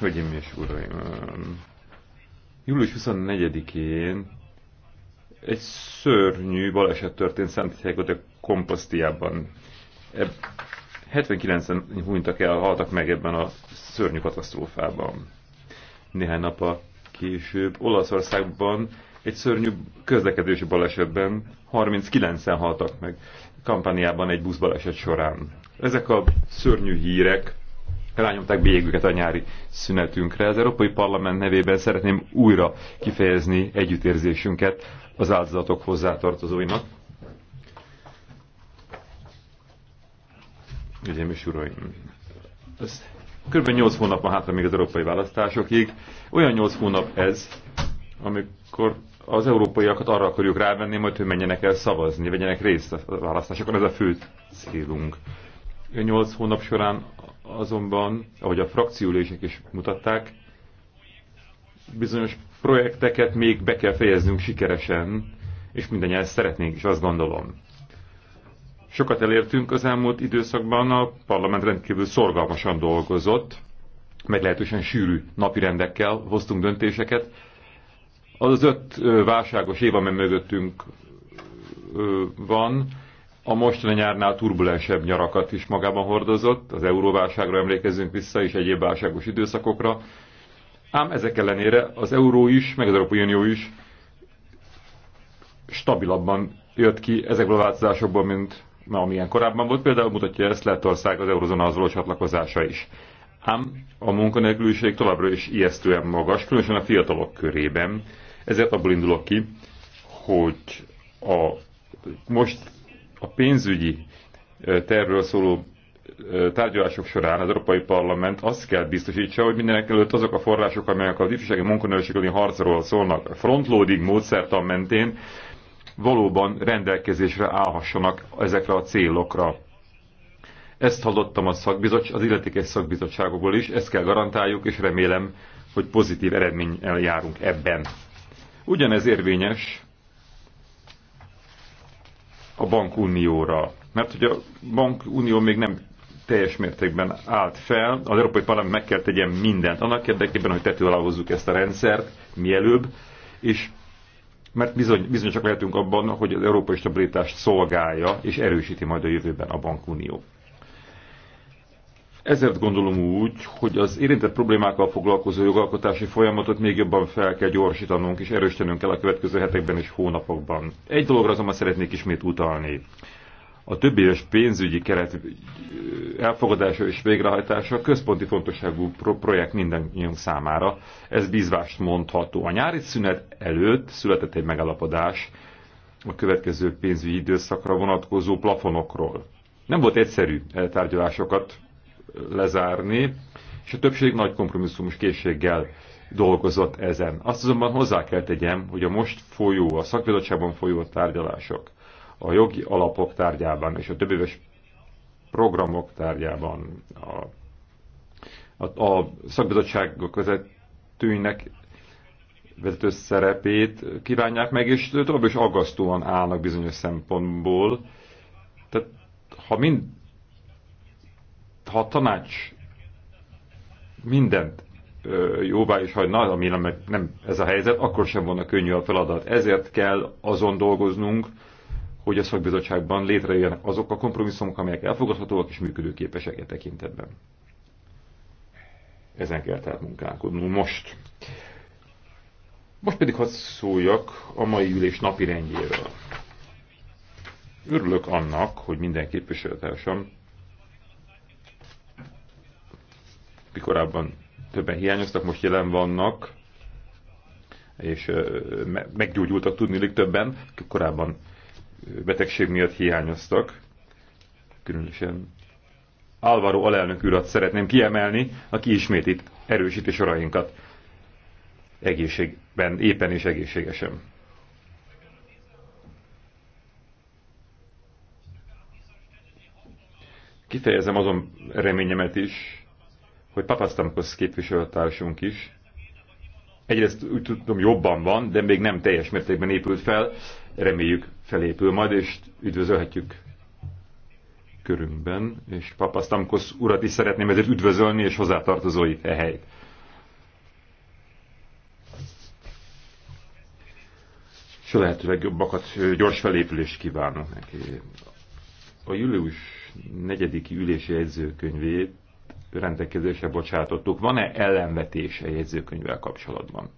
Hölgyeim és Uraim! Július 24-én egy szörnyű baleset történt Santiago de komposztiában. 79-en hunytak el, haltak meg ebben a szörnyű katasztrófában. Néhány nap a később Olaszországban egy szörnyű közlekedési balesetben 39-en haltak meg Kampániában egy buszbaleset során. Ezek a szörnyű hírek rányomták bélyegüket a nyári szünetünkre. Az Európai Parlament nevében szeretném újra kifejezni együttérzésünket az áldozatok hozzátartozóinak. Ügyeim és uraim, ez kb. 8 hónap van hátra még az európai választásokig. Olyan 8 hónap ez, amikor az európaiakat arra akarjuk rávenni, majd hogy menjenek el szavazni, vegyenek részt a választásokon, ez a fő célunk. 8 hónap során azonban, ahogy a frakciülések is mutatták, bizonyos projekteket még be kell fejeznünk sikeresen, és mindannyian szeretnénk is, azt gondolom. Sokat elértünk az elmúlt időszakban, a parlament rendkívül szorgalmasan dolgozott, meglehetősen sűrű napirendekkel hoztunk döntéseket. Az öt válságos év, amely mögöttünk van, a mostani nyárnál turbulensebb nyarakat is magában hordozott, az euróválságra emlékezzünk vissza, és egyéb válságos időszakokra, ám ezek ellenére az euró is, meg az Európai Unió is stabilabban jött ki ezekből a változásokból, mint amilyen korábban volt. Például mutatja ezt Lettország az eurozóna az csatlakozása is. Ám a munkanélküliség továbbra is ijesztően magas, különösen a fiatalok körében. Ezért abból indulok ki, hogy a most a pénzügyi tervről szóló tárgyalások során az Európai Parlament azt kell biztosítsa, hogy mindenek előtt azok a források, amelyek az ifjúsági munkanőrségi harcról szólnak, frontloading módszertan mentén valóban rendelkezésre állhassanak ezekre a célokra. Ezt hallottam a szakbizottság, az illetékes szakbizottságokból is, ezt kell garantáljuk, és remélem, hogy pozitív eredménnyel járunk ebben. Ugyanez érvényes a bankunióra. Mert hogy a bankunió még nem teljes mértékben állt fel, az Európai Parlament meg kell tegyen mindent annak érdekében, hogy tető alá hozzuk ezt a rendszert mielőbb, és mert bizony, bizony csak lehetünk abban, hogy az európai stabilitást szolgálja és erősíti majd a jövőben a bankunió. Ezért gondolom úgy, hogy az érintett problémákkal foglalkozó jogalkotási folyamatot még jobban fel kell gyorsítanunk és erősítenünk kell a következő hetekben és hónapokban. Egy dologra azonban szeretnék ismét utalni. A többi éves pénzügyi keret elfogadása és végrehajtása központi fontosságú pro projekt mindannyiunk számára. Ez bízvást mondható. A nyári szünet előtt született egy megalapodás a következő pénzügyi időszakra vonatkozó plafonokról. Nem volt egyszerű eltárgyalásokat lezárni, és a többség nagy kompromisszumos készséggel dolgozott ezen. Azt azonban hozzá kell tegyem, hogy a most folyó, a szakbizottságban folyó tárgyalások, a jogi alapok tárgyában és a többéves programok tárgyában a, a, a szakbizottságok vezetőinek vezető szerepét kívánják meg, és tovább is aggasztóan állnak bizonyos szempontból. Tehát ha mind ha a tanács mindent jóvá is hagyna, ami nem, nem ez a helyzet, akkor sem volna könnyű a feladat. Ezért kell azon dolgoznunk, hogy a szakbizottságban létrejöjjenek azok a kompromisszumok, amelyek elfogadhatóak és működőképesek e tekintetben. Ezen kell tehát munkálkodnunk most. Most pedig hadd szóljak a mai ülés napi rendjéről. Örülök annak, hogy minden képviselőtársam akik korábban többen hiányoztak, most jelen vannak, és meggyógyultak tudnilik többen, akik korábban betegség miatt hiányoztak. Különösen Álvaro alelnök urat szeretném kiemelni, aki ismét itt erősíti sorainkat egészségben, éppen és egészségesen. Kifejezem azon reményemet is, hogy Papasztamkosz képviselőtársunk is egyrészt úgy tudom jobban van, de még nem teljes mértékben épült fel, reméljük felépül majd, és üdvözölhetjük körünkben, és Papasztamkosz urat is szeretném ezért üdvözölni, és hozzátartozóit ehelyt. és lehetőleg jobbakat, gyors felépülést kívánok neki. A július 4. ülési jegyzőkönyvét rendelkezésre bocsátottuk. Van-e ellenvetés a jegyzőkönyvvel kapcsolatban?